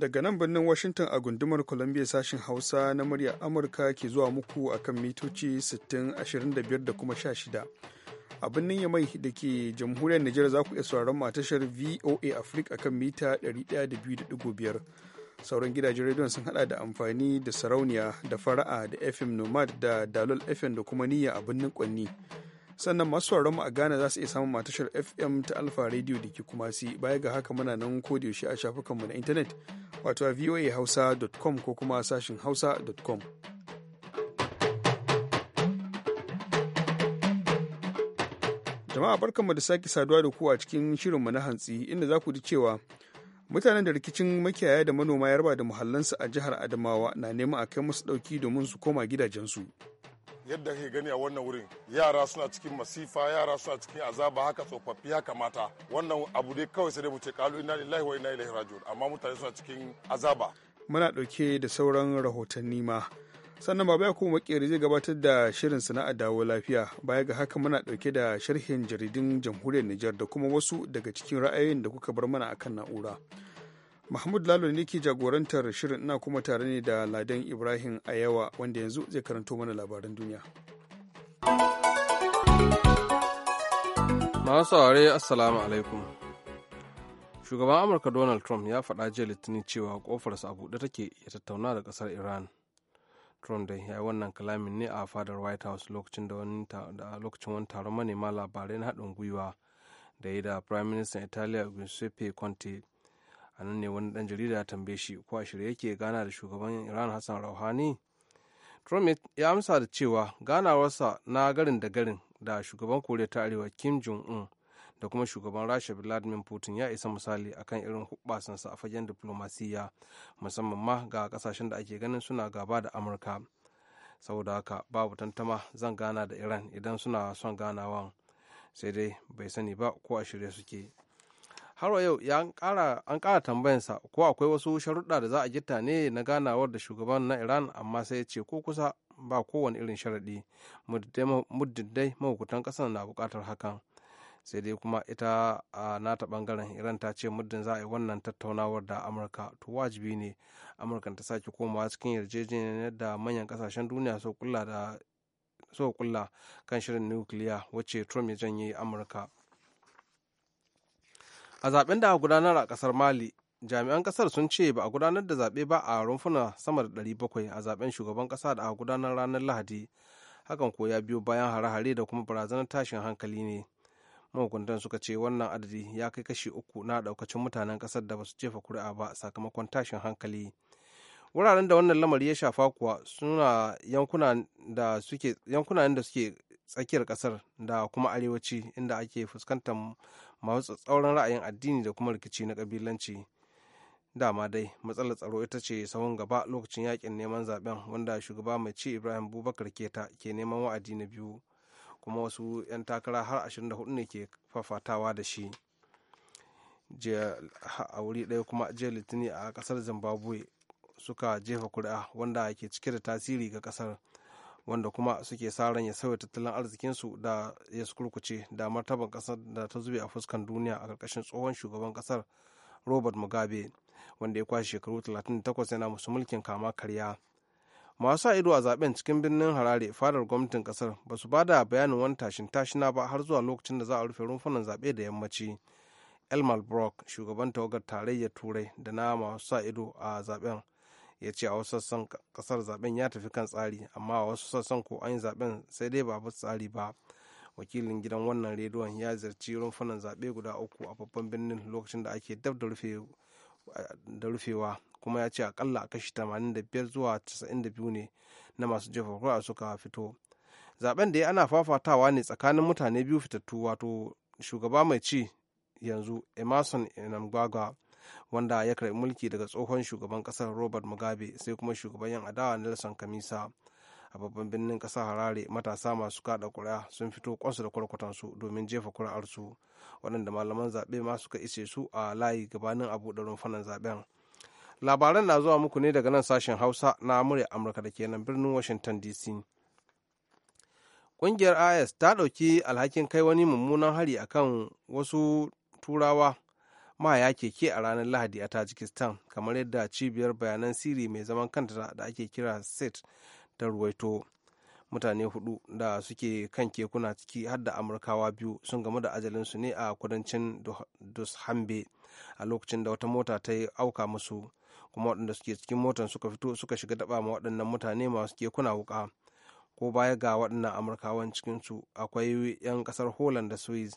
daga nan birnin washington a gundumar columbia sashen hausa na murya amurka ke zuwa muku akan mitoci 60 da kuma 16 a birnin yamai da ke jamhuriyar Nijar za ku iya sauraron tashar VOA Africa kan mita 102.5 sauran gidajen rediyon sun hada da amfani da sarauniya da fara'a da FM Nomad da Dalol FM da kuma niyya a birnin Kwanni sannan masu mu a Ghana za su iya samun matashar FM ta Alfa Radio da ke kuma si baya ga haka muna nan ko da yaushe a shafukanmu na intanet wato a voahausa.com ko kuma sashin hausa.com. Jama'a barkanmu da sake saduwa da ku a cikin shirinmu na hantsi inda za ku ji cewa mutanen da rikicin makiyaya da manoma ya raba da muhallansu a jihar Adamawa na neman a kai musu ɗauki domin su koma gidajensu. yadda kake gani a wannan wurin yara suna cikin masifa yara suna cikin azaba haka tsofaffi haka mata wannan abu dai kawai sai dai mu ce kalu inna lillahi wa inna ilaihi raji'un amma mutane suna cikin azaba muna dauke da sauran rahotanni ma sannan baba ya kuma makeri zai gabatar da shirin sana'a dawo lafiya baya ga haka muna dauke da sharhin jaridun jamhuriyar nijar da kuma wasu daga cikin ra'ayoyin da kuka bar mana akan na'ura Mahmud Lalo ne ke jagorantar shirin ina kuma tare ne da Ladan Ibrahim a yawa wanda yanzu zai karanto mana labaran duniya. Masu saurare Assalamu alaikum. Shugaban Amurka Donald Trump ya faɗa jiya Litinin cewa ƙofarsa a buɗe take ya tattauna da ƙasar Iran. Trump da ya yi wannan kalamin ne a fadar White House lokacin da wani lokacin wani taron manema labarai na haɗin gwiwa da ya da Prime Minister Italia Giuseppe Conte a nan ne wani dan jarida ya tambaye shi ko a shirye yake gana da shugaban iran hassan rouhani trump ya amsa da cewa ganawarsa na garin da garin da shugaban koriya ta arewa kim jong un da kuma shugaban rasha vladimir putin ya isa misali akan irin hubbasansa a fagen diplomasiya musamman ma ga kasashen da ake ganin suna gaba da amurka saboda haka babu tantama zan gana da iran idan suna son ganawan sai dai bai sani ba ko a shirye suke har yau ya an kara tambayansa ko akwai wasu sharuɗa da za a gita ne na ganawar da shugaban na iran amma sai ya ce ko kusa ba kowane irin sharaɗi muddin mahukutan ƙasar na buƙatar hakan sai dai kuma ita a nata ɓangaren iran ta ce muddin za a yi wannan tattaunawar da amurka to wajibi ne amurka ta sake komawa cikin yarjejeniyar da manyan ƙasashen duniya so kulla kan shirin nukiliya wacce trump ya janye amurka a zaben da gudanar a kasar mali jami'an kasar sun ce ba a gudanar da zaɓe ba a rumfuna sama da 700 a zaben shugaban kasa da a gudanar ranar lahadi hakan ko ya biyo bayan hare-hare da kuma barazanar tashin hankali ne mahukuntan suka ce wannan adadi ya kai kashi uku na daukacin mutanen kasar da ba su jefa kuri'a ba sakamakon tashin hankali wuraren da wannan lamari ya shafa kuwa suna yankunan da suke tsakiyar kasar da kuma arewaci inda ake fuskantar masu tsauran ra'ayin addini da kuma rikici na kabilanci dama dai matsalar tsaro ita ce sahun gaba lokacin yakin neman zaben wanda shugaba mai ci ibrahim bubakar keta ke neman wa'adi na biyu kuma wasu 'yan takara har 24 ne ke fafatawa da shi a wuri ɗaya kuma jiya litini a ƙasar zimbabwe suka jefa kuri'a wanda ke cike da tasiri ga kasar. wanda kuma suke sa ran ya sauya tattalin arzikinsu da ya kurkuce da martaban kasar da ta zube a fuskan duniya a ƙarƙashin tsohon shugaban kasar robert mugabe wanda ya kwashe shekaru 38 yana musu mulkin kama karya masu ido a zaben cikin birnin harare fadar gwamnatin kasar ba su bada bayanin wani tashin tashina ba har zuwa lokacin da za a rufe rumfunan zaɓe da yammaci elmar brock shugaban tawagar tarayyar turai da na masu sa ido a zaben ya ce a wasu sassan kasar zaben ya tafi kan tsari amma a wasu sassan ko an yi zaben sai dai ba bi tsari ba wakilin gidan wannan rediyon ya ziyarci rumfunan zaɓe guda uku a babban birnin lokacin da ake dab da rufewa kuma ya ce akalla a kashi 85 zuwa 92 ne na masu jefa kura suka fito zaben da ya ana fafatawa ne tsakanin mutane biyu fitattu wato shugaba mai ci yanzu emerson enamgwagwa wanda ya karbi mulki daga tsohon shugaban kasar robert mugabe sai kuma shugaban yan adawa nelson kamisa a babban birnin kasar harare matasa masu kaɗa kuri'a sun fito kwansu da kwarkwatansu domin jefa kuri'arsu waɗanda malaman zaɓe ma suka ise su a layi gabanin abu da rumfanan zaɓen labaran na zuwa muku ne daga nan sashen hausa na murya amurka da kenan birnin washington dc ƙungiyar is ta ɗauki alhakin kai wani mummunan hari akan wasu turawa maya keke a ranar lahadi a tajikistan kamar yadda cibiyar bayanan siri mai zaman kanta da ake kira set da ruwaito mutane hudu da suke kan kekuna ciki har da amurkawa biyu sun gamu da ajalinsu ne a kudancin dushambe a lokacin da wata mota ta yi auka musu kuma waɗanda suke cikin motan suka fito suka shiga daba ma waɗannan mutane masu kekuna wuka ko baya ga waɗannan amurkawan cikinsu akwai 'yan ƙasar holland da swiss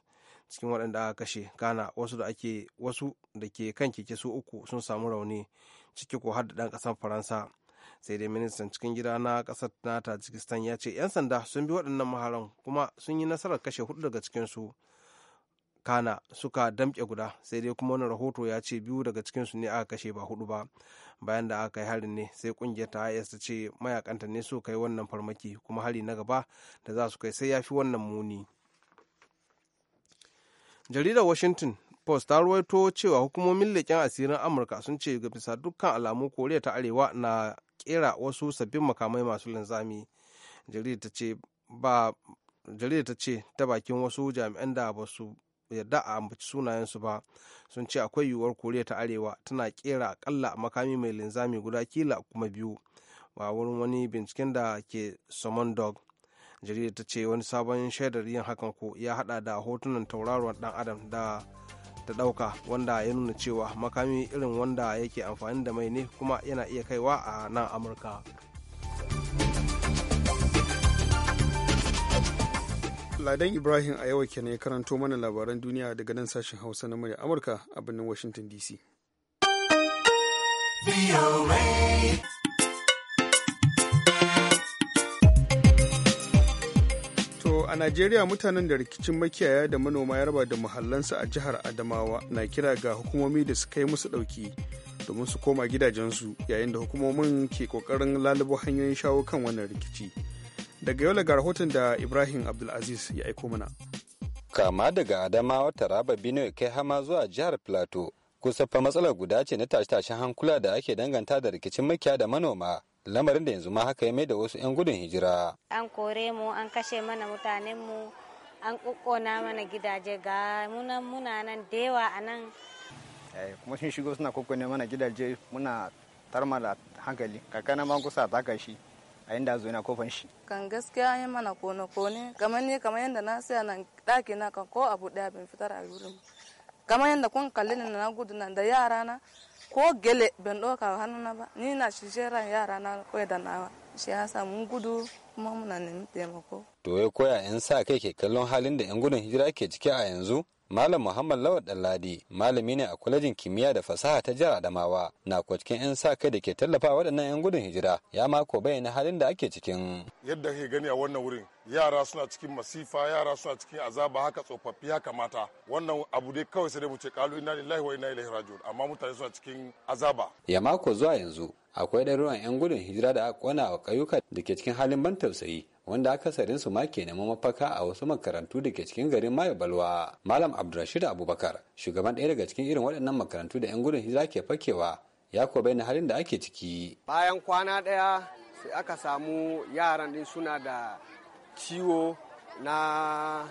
cikin waɗanda aka kashe kana wasu da ake wasu da ke kan keke su uku sun samu rauni ciki ko har da ɗan ƙasar faransa sai dai ministan cikin gida na ƙasar na tajikistan ya ce 'yan sanda sun bi waɗannan maharan kuma sun yi nasarar kashe hudu daga cikin su kana suka damƙe guda sai dai kuma wani rahoto ya ce biyu daga cikin su ne aka kashe ba hudu ba bayan da aka yi harin ne sai kungiyar ta is ta ce mayakanta ne su kai wannan farmaki kuma hari na gaba da za su kai sai ya fi wannan muni jaridar washington post ta ruwaito cewa hukumomin leƙen asirin amurka sun ce ga bisa dukkan alamu koriya ta arewa na kera wasu sabbin makamai masu linzami jaridar ta ce ta bakin wasu jami'an da ba su yarda a ambaci sunayensu ba sun ce akwai yiwuwar koriya ta arewa tana kera akalla makami mai linzami guda kila kuma biyu ba wurin wani binciken da ke somon dog jaridar ta ce wani sabon shaidar yin hakan ko ya hada da hotunan tauraron dan adam da ta dauka wanda ya nuna cewa makami irin wanda yake amfani da mai ne kuma yana iya kaiwa a nan amurka ladan ibrahim a yawa kenan ya karanto mana labaran duniya daga nan sashen hausa na murya amurka a birnin washington dc a Najeriya mutanen da rikicin makiyaya da manoma ya raba da muhallansu a jihar Adamawa na kira ga hukumomi da su kai musu ɗauki domin su koma gidajensu yayin da hukumomin ke kokarin lalubo hanyoyin shawo kan wannan rikici. Daga yau ga rahoton da Ibrahim Abdulaziz ya aiko mana. Kama daga Adamawa Taraba Benue kai hama zuwa jihar Plateau kusa fa matsalar guda ce na tashe-tashen hankula da ake danganta da rikicin makiya da manoma lamarin da yanzu ma haka ya mai da wasu 'yan gudun hijira an kore mu an kashe mana mutanen mu an kukkona mana gidaje ga munan muna nan dewa a nan eh, kuma sun shigo suna kukkone mana gidaje muna tarma da hankali kakana ma kusa taka shi a inda zo yana kofan shi kan gaskiya yi mana kone kone kamar ne kamar yadda na siya nan daki na kan ko abu daya bin fitar a wurin kamar yadda kun kalli na gudu nan da yara na ko gele ban ɗauka hannuna ba ni na shi ran yara na koyar da nawa shi yasa mun gudu kuma muna neman taimako. To ya koya in sa kai ke kallon halin da 'yan gudun hijira ke ciki a yanzu? Malam Muhammad Lawal Dalladi malami ne a kwalejin kimiyya da fasaha ta jihar Adamawa na kwacikin 'yan sa kai da ke tallafa waɗannan 'yan gudun hijira ya mako bayyana halin da ake cikin. Yadda ke gani a wannan wurin yara suna cikin masifa yara suna cikin azaba haka tsofaffi haka mata wannan abu dai kawai sai dai mu ce kalu inna lillahi wa inna ilaihi raji'un amma mutane suna cikin azaba. Ya mako zuwa yanzu akwai ɗaruruwan 'yan gudun hijira da aka kona a ƙauyuka da ke cikin halin ban tausayi wanda akasarin su ma ke neman mafaka a wasu makarantu da ke cikin garin Mayo Balwa. Malam Abdulrashid Abubakar, shugaban ɗaya daga cikin irin waɗannan makarantu da 'yan gudun hijira ke fakewa, ya ko bayyana halin da ake ciki. Bayan kwana ɗaya sai aka samu yaran din suna da ciwo na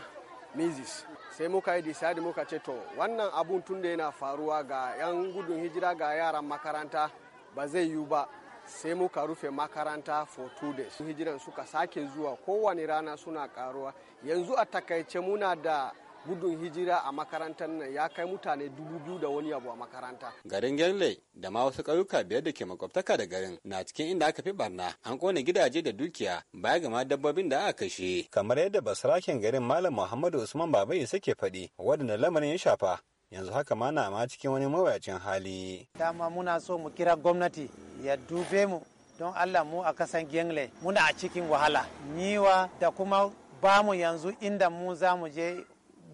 mizis sai muka yi disadi muka ce to wannan abun tun da yana faruwa ga 'yan gudun hijira ga yaran makaranta ba zai yiwu ba sai muka rufe makaranta for two days hijiran suka sake zuwa kowane rana suna karuwa yanzu a takaice muna da gudun hijira a makarantar nan ya kai mutane dubu biyu da wani abu a makaranta. Garin Gerle da ma wasu ƙauyuka biyar da ke makwabtaka da garin na cikin inda aka fi barna an kone gidaje da dukiya baya ga ma dabbobin da aka kashe. Kamar yadda basaraken garin Malam Muhammadu Usman Baba ya sake faɗi waɗanda lamarin ya shafa yanzu haka ma na ma cikin wani mawayacin hali. Dama muna so mu kira gwamnati ya dube mu don Allah mu a kasan Gengle muna a cikin wahala. Niwa da kuma bamu yanzu inda mu za mu je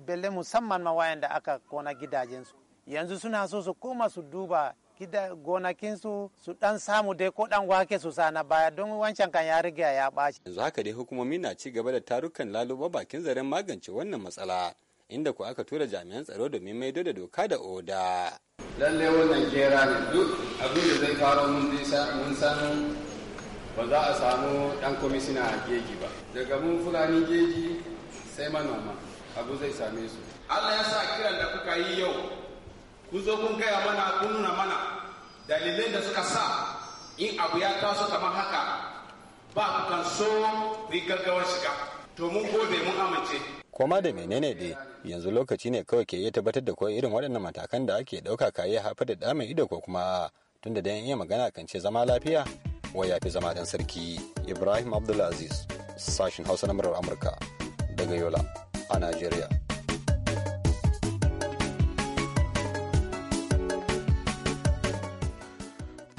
belle musamman ma wayanda aka kona gidajensu. Yanzu suna so su koma su duba gida gonakinsu su dan samu dai ko dan wake su sana na baya don wancan kan ya riga ya ɓaci. Yanzu haka dai hukumomi na ci gaba da tarukan laluba bakin zaren magance wannan matsala. inda ku aka tura jami'an tsaro domin maido da doka da oda. Lallai wannan kera ne duk abin da zai faro mun san ba za a samu ɗan kwamishina a geji ba. Daga mun fulani geji sai manoma abu zai same su. Allah ya sa kiran da kuka yi yau kun zo kun gaya mana kun nuna mana dalilin da suka sa in abu ya taso kamar haka ba ku kan so ku yi gaggawar shiga. To mun gode mun amince. koma da menene dai yanzu lokaci ne kawai ke iya tabbatar da koyi irin waɗannan matakan da ake ɗauka ka iya da ɗa mai ido ko kuma tunda da iya magana kan ce zama lafiya Wa ya fi zama dan sarki ibrahim abdulaziz sashen hausa na murar amurka daga yola a najeriya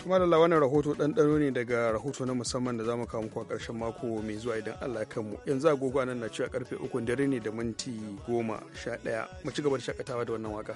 malala wannan rahoto ɗanɗano ne daga rahoto na musamman da zamu kawo muku a ƙarshen mako mai zuwa idan Allah ya mu yanzu agogo nan na cewa karfe uku dare ne da minti goma sha ɗaya mu ci gaba da shakatawa da wannan waka.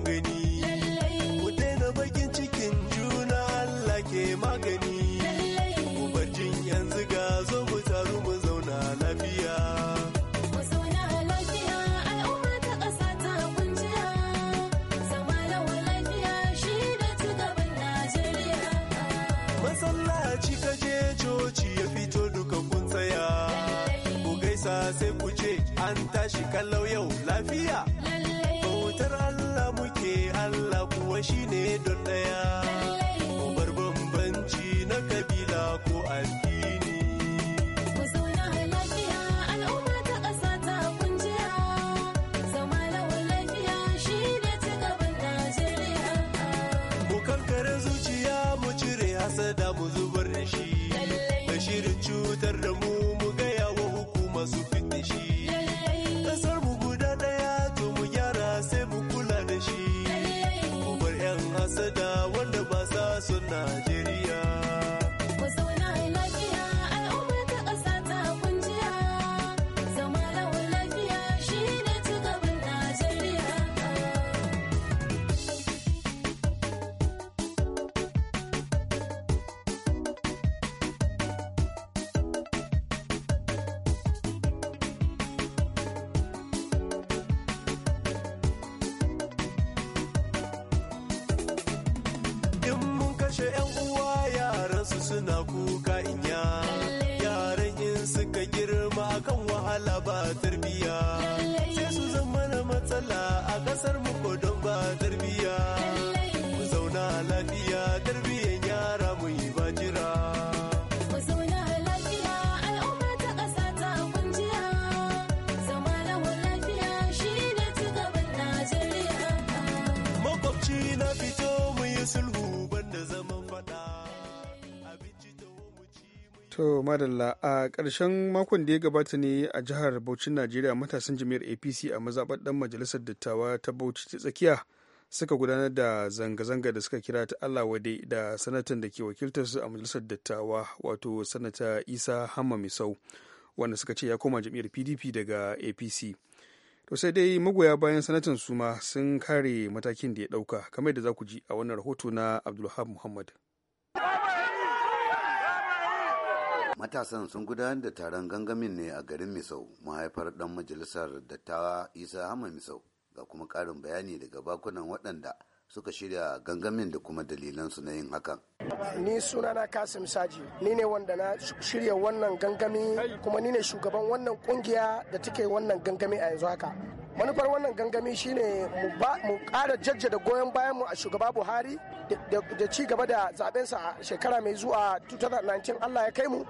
kallau yau lafiya. Bautar Allah muke Allah kuwa shine don ɗaya. kuka inya yaran in suka girma kan wahala ba tarbiya sai su zama matsala a kasar mu don ba tarbiya madalla a ƙarshen makon da ya gabata ne a jihar Bauchin Najeriya matasan jami'ar APC a mazaɓar ɗan majalisar dattawa ta Bauchi ta tsakiya suka gudanar da zanga-zanga da suka kira ta Allah wade da sanatan da ke wakiltar su a majalisar dattawa wato sanata Isa Hamma Misau wanda suka ce ya koma jami'ar PDP daga APC. To sai dai magoya bayan sanatan suma sun kare matakin da ya ɗauka kamar da za ku ji a wannan rahoto na Abdulhab Muhammad. matasan sun gudanar da taron gangamin ne a garin misau mahaifar dan majalisar dattawa isa hama misau ga kuma karin bayani daga bakunan waɗanda suka shirya gangamin da kuma dalilansu na yin hakan. Ni sunana Kasim Saji, ni ne wanda na shirya wannan gangami kuma ni ne shugaban wannan kungiya da take wannan gangami a yanzu haka. manufar wannan gangami shine mu ƙara jajjada goyon bayan mu a shugaba buhari da ci gaba da zaɓensa a shekara mai zuwa 2019 allah ya kai mu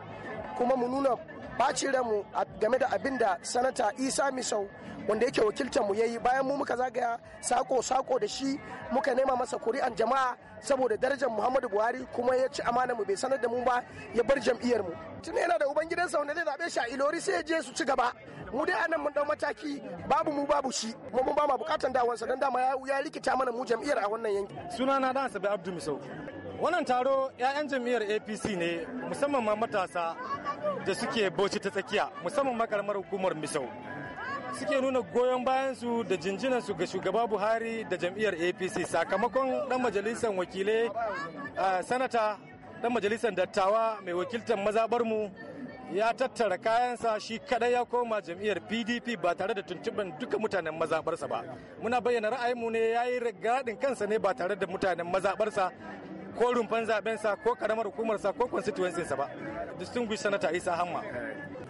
kuma mu nuna bacin ranmu game da abin da sanata isa misau wanda yake wakiltar mu yayi bayan mu muka zagaya sako sako da shi muka nema masa kuri'an jama'a saboda darajar muhammadu buhari kuma ya ci amana mu bai sanar da mu ba ya bar jam'iyyar mu tun yana da uban gidansa wanda zai zabe shi a ilori sai ya je su ci gaba mu dai anan mun dau mataki babu mu babu shi mu mun ba ma bukatan dawansa dan dama ya rikita mana mu jam'iyyar a wannan yankin sunana dan sabi abdu misau Wannan taro 'ya'yan jam'iyyar APC ne musamman ma matasa da suke bauchi ta tsakiya musamman ma karamar hukumar Misau. Suke nuna goyon bayansu da jinjinansu ga shugaba Buhari da jam'iyyar APC sakamakon dan majalisar wakilai sanata dan majalisar dattawa mai wakiltar mazabarmu ya tattara kayansa shi kadai ya koma jam'iyyar pdp ba tare da tuntuɓin duka mutanen mazaɓarsa ba muna bayyana ra'ayinmu ne ya yi gaɗin kansa ne ba tare da mutanen mazaɓarsa ko rumfan sa ko karamar hukumarsa ko sa ba distinguished senator isa hamma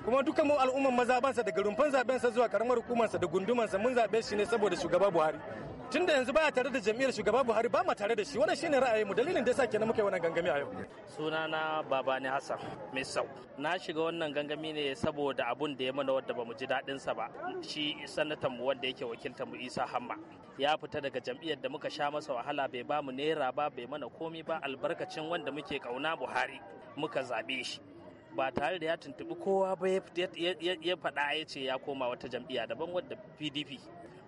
kuma dukkan mu al'umman sa daga rumfan sa zuwa karamar hukumar sa da sa mun zabe shi ne saboda shugaba buhari tunda yanzu baya tare da jam'iyyar shugaba Buhari ba ma tare da shi wannan shine mu dalilin da yasa kenan muka yi wannan gangami a yau sunana Babani Hassan sau. na shiga wannan gangami ne saboda abun da ya mana wanda bamu ji daɗin sa ba shi sanatan mu wanda yake wakiltar mu Isa Hamma ya fita daga jam'iyyar da muka sha masa wahala bai ba mu naira ba bai mana komi ba albarkacin wanda muke kauna Buhari muka zabe shi ba tare da ya tuntubi kowa ba ya faɗa ya ce ya koma wata jam'iyya daban wadda pdp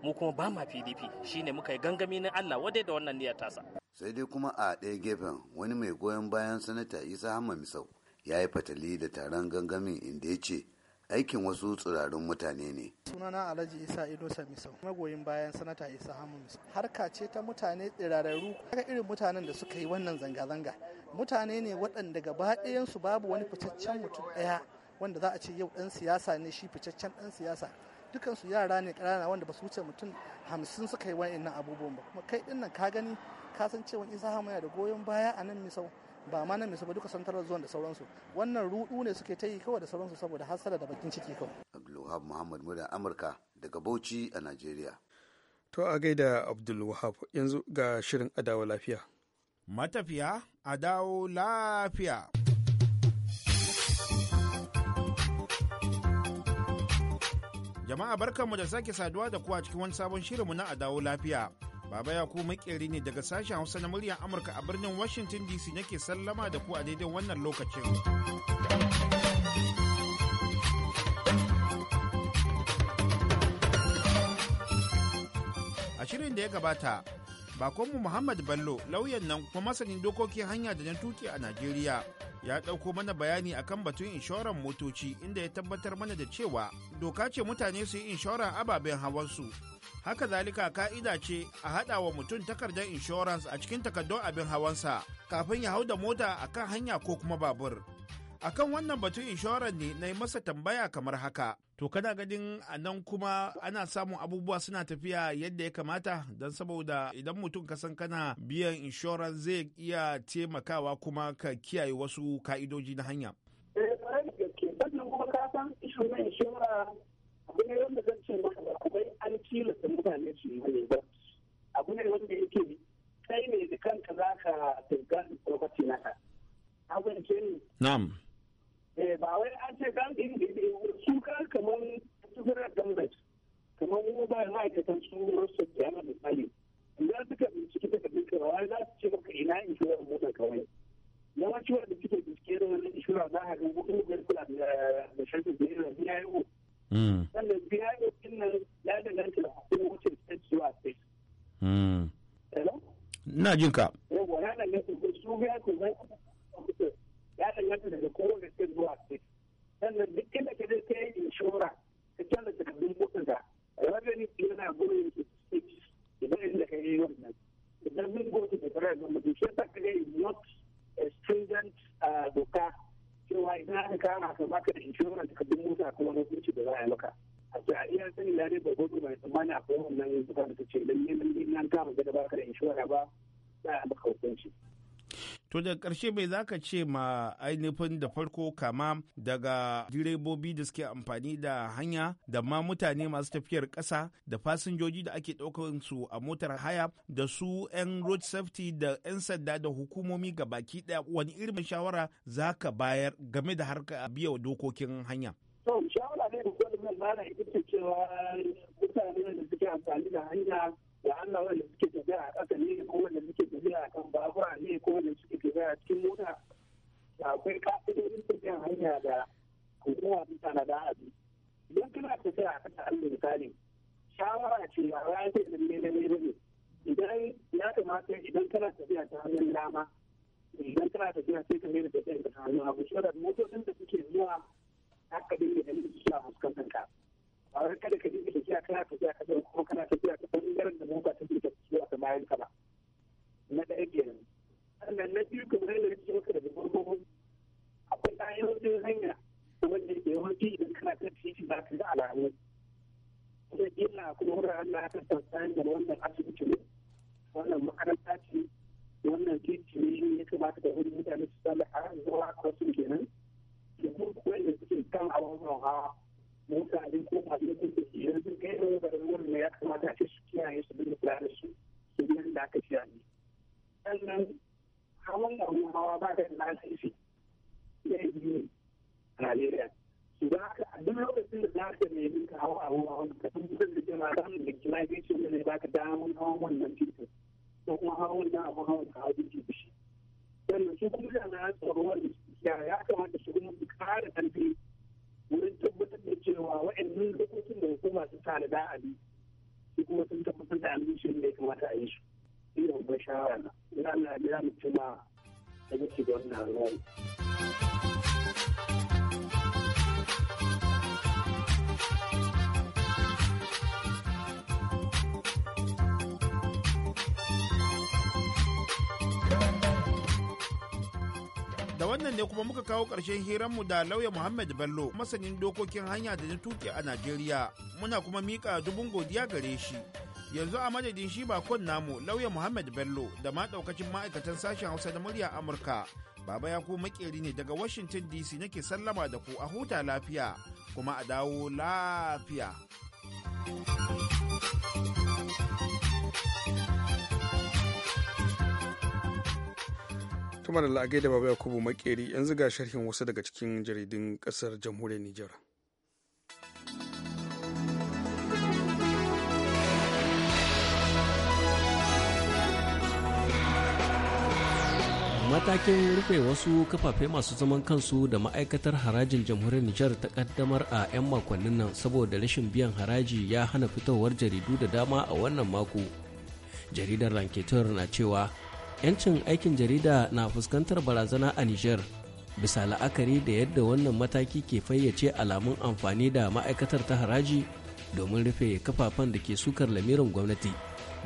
mu kuma ba ma pdp shine muka yi gangami na allah wadai da wannan niyyar tasa sai dai kuma a ɗaya gefen wani mai goyon bayan sanata isa hamma misau ya yi fatali da taron gangamin inda ya ce aikin wasu tsirarun mutane ne. Sunana Alhaji Isa Ido Samisau, magoyin bayan sanata Isa hamma Misau. Harka ce ta mutane tsirararru, kaga irin mutanen da suka yi wannan zanga-zanga. Mutane ne waɗanda gaba ɗayansu babu wani fitaccen mutum ɗaya wanda za a ce yau ɗan siyasa ne shi fitaccen ɗan siyasa. dukansu yara ne ƙanana wanda ba su wuce mutum hamsin suka yi wa'annan abubuwan ba kuma kai din nan ka gani ka san cewa isa yana da goyon baya a nan misau ba ma nan misau duka tarar zuwan da sauransu wannan rudu ne suke ta yi kawai da sauransu saboda hasara da bakin ciki kawai. abdulwahab muhammad muda amurka daga bauchi a najeriya. to a gaida abdulwahab yanzu ga shirin adawa lafiya. matafiya a dawo lafiya. Jama'a barkanmu da sake saduwa da kuwa cikin wani sabon shirinmu na Adawo Lafiya. Baba ya ku makeri ne daga sashen Hausa na muryar Amurka a birnin Washington DC nake sallama da ku a daidai wannan lokacin. A shirin da ya gabata, bakonmu Muhammad Bello lauyan nan kuma masanin dokokin hanya da na tuki a Najeriya ya ɗauko mana bayani akan batun inshoran motoci inda ya tabbatar mana da cewa doka ce mutane su yi inshoran ababen hawansu. Haka zalika ka'ida ce a haɗa wa mutum takardar inshorans a cikin takardun abin hawansa kafin ya hau da mota a kan hanya ko kuma babur. Akan wannan batun inshoran ne na yi masa tambaya kamar haka. To kana gadin a nan kuma ana samun abubuwa suna tafiya yadda ya kamata don saboda idan mutum ka san kana biyan inshoran zai iya taimakawa kuma ka kiyaye wasu ka'idoji na hanya. Eh, sannan kuma ka san ishu na inshora abu ne wanda zan ce maka ba kuma an tilasta mutane su yi ne ba abu ne wanda yake kai ne da kanka za ka tunka property naka. Abin ce ne. Na'am. Eh, ba wai an ce su ka kamar federal government kamar mobile ma'aikatan su rasu da yana idan suka bincike ta kabin karawa za su ce maka ina inshurar mota kawai yawanci da suke bincike da wani shura za a ga hukumar kula da shafin da yana hmm. sannan din ya danganta hmm. jin ka. daga ƙarshe mai ka ce ma ainihin da farko kama daga direbobi da suke amfani da hanya da ma mutane masu tafiyar ƙasa da fasinjoji da ake ɗaukar su a motar haya da su 'yan road safety da 'yan sanda da hukumomi ga baki ɗaya wani irin shawara za ka bayar game da harka biya dokokin hanya. shawara ne da cewa mutane da suke amfani da hanya da Allah wanda suke tafiya a ƙasa ne ko wanda suke tafiya a kan babura ne ko wanda suke tafiya a cikin mota da akwai ka'idodin tafiyan hanya da hukuma ta tanada a bi idan kana tafiya a ƙasa Allah misali shawara ce a ranar ta idan ne ne ne idan ya kamata idan kana tafiya ta hanyar dama idan kana tafiya sai ka mai da tafiya ta hanyar hagu shawarar motocin da suke zuwa haka dinga da suke fuskantar ka. ba wai kada ka dinga tafiya kana tafiya ka san kuma kana tafiya ka san da mota ta dinga tafiya ta bayan ka ba na ɗaya kenan sannan na biyu kamar yadda nake maka daga farko akwai ƙa'idodin hanya wanda ke yawanci idan kana kan titi za ka ga alamu kuma illa kuma wuraren da aka tsantsan da wannan asibiti ne wannan makaranta ce wannan titi ne ya kamata da wani mutane su sami a wannan ne kuma muka kawo ƙarshen hiranmu da lauya Muhammad Bello masanin dokokin hanya da na tuƙi a Najeriya. Muna kuma miƙa dubun godiya gare shi. Yanzu a madadin shi bakon namu lauya Muhammad Bello da ma ɗaukacin ma'aikatan sashen Hausa da murya Amurka. Baba ya ku makeri ne daga Washington DC nake sallama da ku a huta lafiya kuma a dawo lafiya. Tuma da la'agai da Baba Yakubu Makeri yanzu ga sharhin wasu daga cikin jaridun kasar jamhuriyar Nijar. matakin rufe wasu kafafe masu zaman kansu da ma'aikatar harajin jamhuriyar nijar ta kaddamar a 'yan makonnin nan saboda rashin biyan haraji ya hana fitowar jaridu da dama a wannan mako jaridar ranketor na cewa 'yancin aikin jarida na fuskantar barazana a Nijar. Bisa la'akari da yadda wannan mataki ke fayyace alamun amfani da ma'aikatar ta haraji domin rufe kafafen da ke sukar lamirin gwamnati.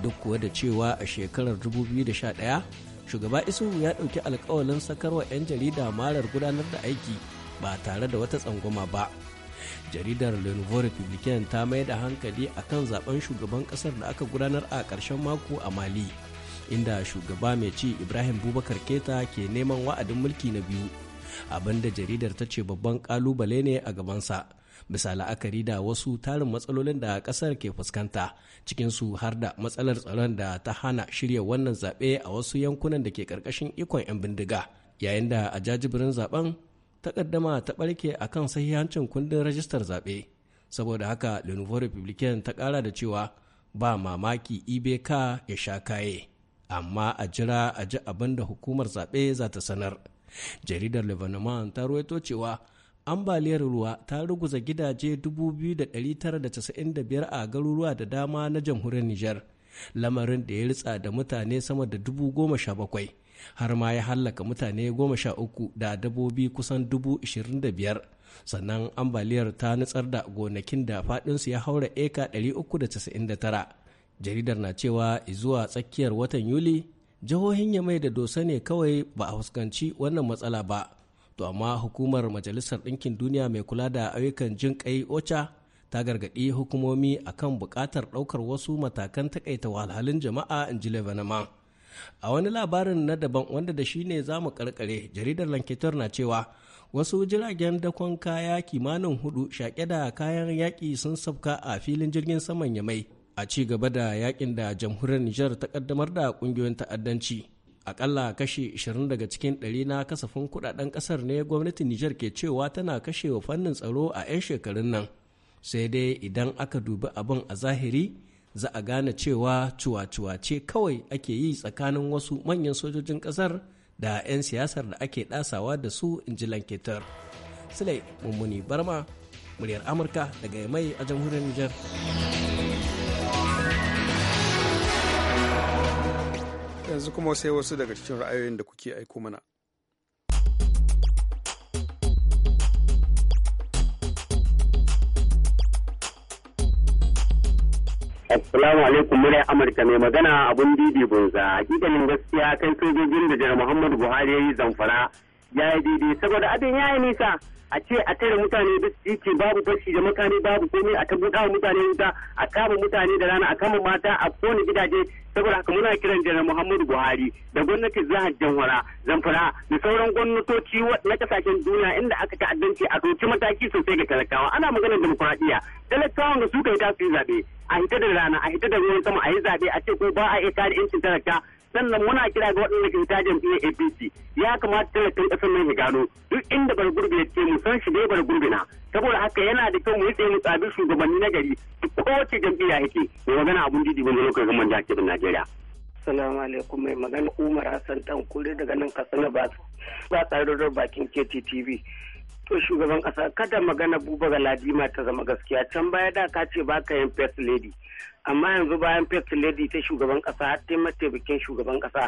Duk kuwa da cewa a shekarar 2011, shugaba Isuhu ya ɗauki alkawalin sakarwa 'yan jarida marar gudanar da aiki ba tare da wata tsangwama ba. jaridar le nouveau republicain ta mai da hankali kan zaben shugaban ƙasar da aka gudanar a ƙarshen mako a mali inda shugaba mai ci ibrahim bubakar keta ke neman wa'adin mulki na biyu abinda jaridar ta ce babban kalubale ne a gabansa bisa la'akari da wasu tarin matsalolin da kasar ke fuskanta cikinsu har da matsalar tsaron da ta hana shirya wannan zaɓe a wasu yankunan da ke ƙarƙashin ikon 'yan bindiga yayin da a jajibirin zaben takaddama ta ɓarke a kan sahihancin kundin rajistar zaɓe saboda haka le republican ta ƙara da cewa ba mamaki ibeka ya sha kaye amma a jira a ji abin da hukumar zaɓe za ta sanar jaridar lebanon ta ruwaito cewa ambaliyar ruwa ta ruguza gidaje 2,995 a garuruwa da dama na jamhuriyar nijar lamarin da ya ritsa da mutane sama da 17,000 har ma ya hallaka mutane 13 da dabobi kusan 25,000 sannan ambaliyar ta nutsar da gonakin da faɗinsu ya haura eka 399 jaridar na cewa zuwa tsakiyar watan yuli jihohin yamai da dosa ne kawai ba a fuskanci wannan matsala ba to amma hukumar majalisar ɗinkin duniya mai kula da ayyukan jin kai ocha ta gargaɗi hukumomi akan buƙatar ɗaukar wasu matakan takaita wahalhalun jama'a in ji lebanon a wani labarin na daban wanda da shi ne za mu karkare jaridar lankitar na cewa wasu jiragen dakon kaya kimanin hudu shaƙe da kayan yaƙi sun sauka a filin jirgin saman yamai a ci gaba da yakin da jamhuriyar Nijar ta kaddamar da kungiyoyin ta'addanci. Akalla kashe 20 daga cikin ɗari na kasafin kudaden kasar ne gwamnatin Nijar ke cewa tana kashe wa fannin tsaro a 'yan shekarun nan. Sai dai idan aka dubi abin a zahiri za a gane cewa cuwa-cuwa ce kawai ake yi tsakanin wasu manyan sojojin kasar da 'yan siyasar da ake ɗasawa da su in ji lanketar. Sule Mummuni Barma, muryar Amurka daga mai a jamhuriyar Nijar. yanzu kuma sai wasu daga cikin ra'ayoyin da kuke aiko mana. Assalamu alaikum murai Amurka mai magana abun didi bunza. Hakikalin gaskiya kai sojojin da Jar Muhammadu Buhari ya yi zamfara ya yi daidai saboda abin ya yi nisa a ce a tare mutane duk ke babu bashi da mutane babu komai a ta mutane wuta a kama mutane da rana a kama mata a kone gidaje saboda haka muna kiran janar muhammadu buhari da gwamnatin jihar jamhura zamfara da sauran gwamnatoci na kasashen duniya inda aka ta'addanci a ɗauki mataki sosai ga talakawa ana maganar demokuraɗiyya talakawan ga su kai tasiri zaɓe a hita da rana a hita da ruwan sama a yi zaɓe a ce ko ba a iya kare 'yancin talaka sannan muna kira ga waɗanda ke ta jam'iyyar APC ya kamata talatin ƙasar nan ya gano duk inda bar gurbi ya ce mu san shi ne bar gurbi na saboda haka yana da kyau mu yi tsaye mu tsabi shugabanni na gari kowace jam'iyya yake mai magana abun didi bane lokacin zaman jakirin Najeriya. Assalamu alaikum mai magana Umar Hassan dan daga nan Katsina ba ba tsarurar bakin KTTV. shugaban kasa kada magana buba ladima ta zama gaskiya can baya da ka ce baka yin first lady amma yanzu bayan first lady ta shugaban kasa har ta mataimakin shugaban kasa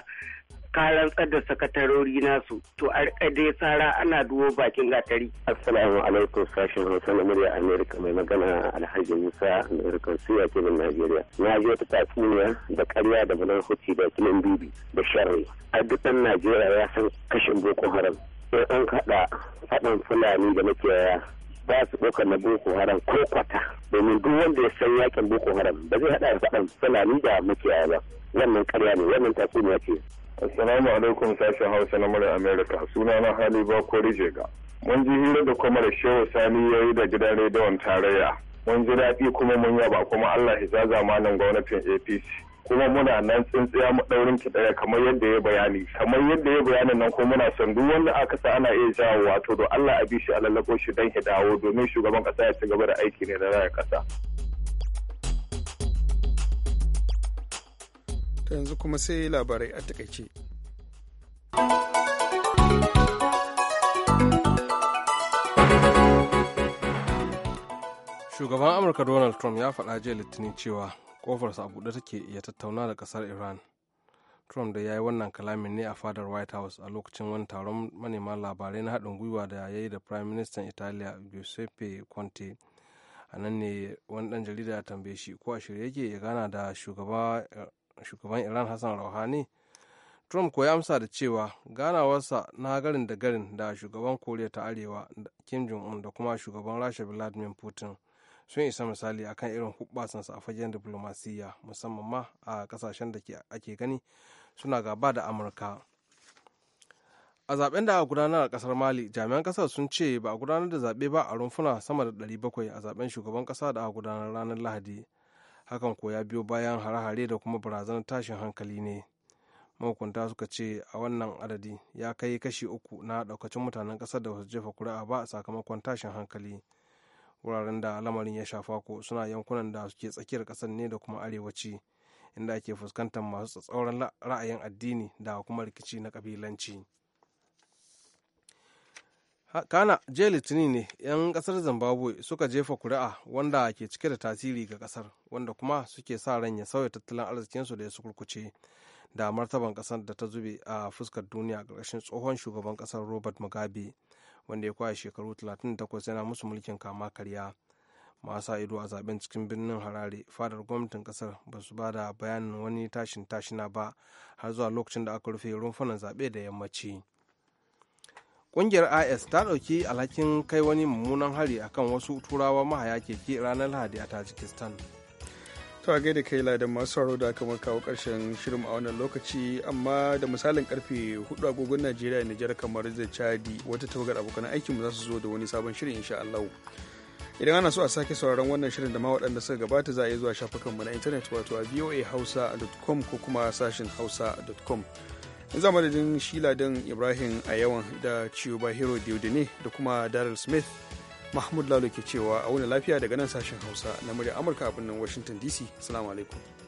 ka rantsar da sakatarori nasu to a dai sara ana duwo bakin gatari assalamu alaikum sashen hausa na murya amerika mai magana alhaji musa amerika suya kenan najeriya na je ta tatsuniya da karya da bulan huci da kilin bibi da sharri a dukkan najeriya ya san kashin boko haram sai an haɗa haɗin fulani da makiyaya ba su ɗaukar na boko haram ko kwata domin duk wanda ya san yakin boko haram ba zai haɗa faɗan fulani da makiyaya ba wannan karya ne wannan tatsuniya ce. assalamu alaikum sashen hausa na murar america suna na hali ba ko rijega mun ji hira da kuma da shehu sani ya yi da gidan rediyon tarayya mun ji daɗi kuma mun yaba kuma allah ya zaza gwamnatin apc kuma muna nan tsintsiya mu daurin ki daya kamar yadda ya bayani kamar yadda ya bayani nan ko muna son duk wanda aka sa ana iya jawo wato don Allah a bi a lallako shi dan ya dawo domin shugaban kasa ya ci gaba da aiki ne da raya kasa yanzu kuma sai labarai a takaice shugaban amurka donald trump ya faɗa jiya litinin cewa kofarsa a buɗe take ya tattauna da ƙasar iran trump da ya yi wannan kalamin ne a fadar white house a lokacin wani taron manema labarai na haɗin gwiwa da ya yi da prime minister italia giuseppe conte a nan ne wani ɗan jarida ya tambaye shi ko a shirye yake ya gana da shugaban iran hassan rouhani trump ko ya amsa da cewa ganawarsa na garin da garin da shugaban koriya ta arewa kim jong-un da kuma shugaban rasha vladimir putin sun isa misali akan irin hubbasansa a fagen diplomasiyya musamman ma a kasashen da ake gani suna gaba da amurka a zaben da a gudanar a kasar mali jami'an kasar sun ce ba a gudanar da zaɓe ba a rumfuna sama da 700 a zaben shugaban kasa da a gudanar ranar lahadi hakan ko ya biyo bayan hare-hare da kuma barazanar tashin hankali ne mahukunta suka ce a wannan adadi ya kai kashi uku na daukacin mutanen kasar da wasu jefa kuri'a ba sakamakon tashin hankali wuraren da lamarin ya shafa ko suna yankunan da suke tsakiyar ƙasar ne da kuma arewaci inda ake fuskantar masu tsatsauran ra'ayin addini da kuma rikici na kabilanci. kana jiya litinin ne 'yan kasar zimbabwe suka jefa kuri'a wanda ke cike da tasiri ga kasar wanda kuma suke sa ran ya sauya tattalin arzikinsu da ya sukurkuce da martaban kasar da ta zube a fuskar duniya ƙarƙashin tsohon shugaban kasar robert mugabe wanda ya kwaya shekaru 38 yana musu mulkin kama karya masu ido a zaben cikin birnin harare fadar gwamnatin kasar ba su ba da bayanin wani tashin tashina ba har zuwa lokacin da aka rufe rumfunan zaɓe da yammaci ƙungiyar is ta ɗauki alhakin kai wani mummunan hari akan wasu turawa mahaya keke ranar lahadi a tajikistan ta a da kai ladan masu sauraro da aka kawo karshen shirin a wannan lokaci amma da misalin karfe 4 agogon Najeriya Nijar kamar da Chadi wata tawagar abokan aikin mu za su zo da wani sabon shirin insha Allah. Idan ana so a sake sauraron wannan shirin da ma waɗanda suka gabata za a iya zuwa shafukan mu na intanet wato a voahausa.com ko kuma sashin hausa.com. In za madadin Shila din Ibrahim a yawan da Ciyo Bahiro Diodine da kuma Daryl Smith mahmud lalo ke cewa a wani lafiya daga nan sashen hausa na murya amurka a birnin washington dc salamu alaikum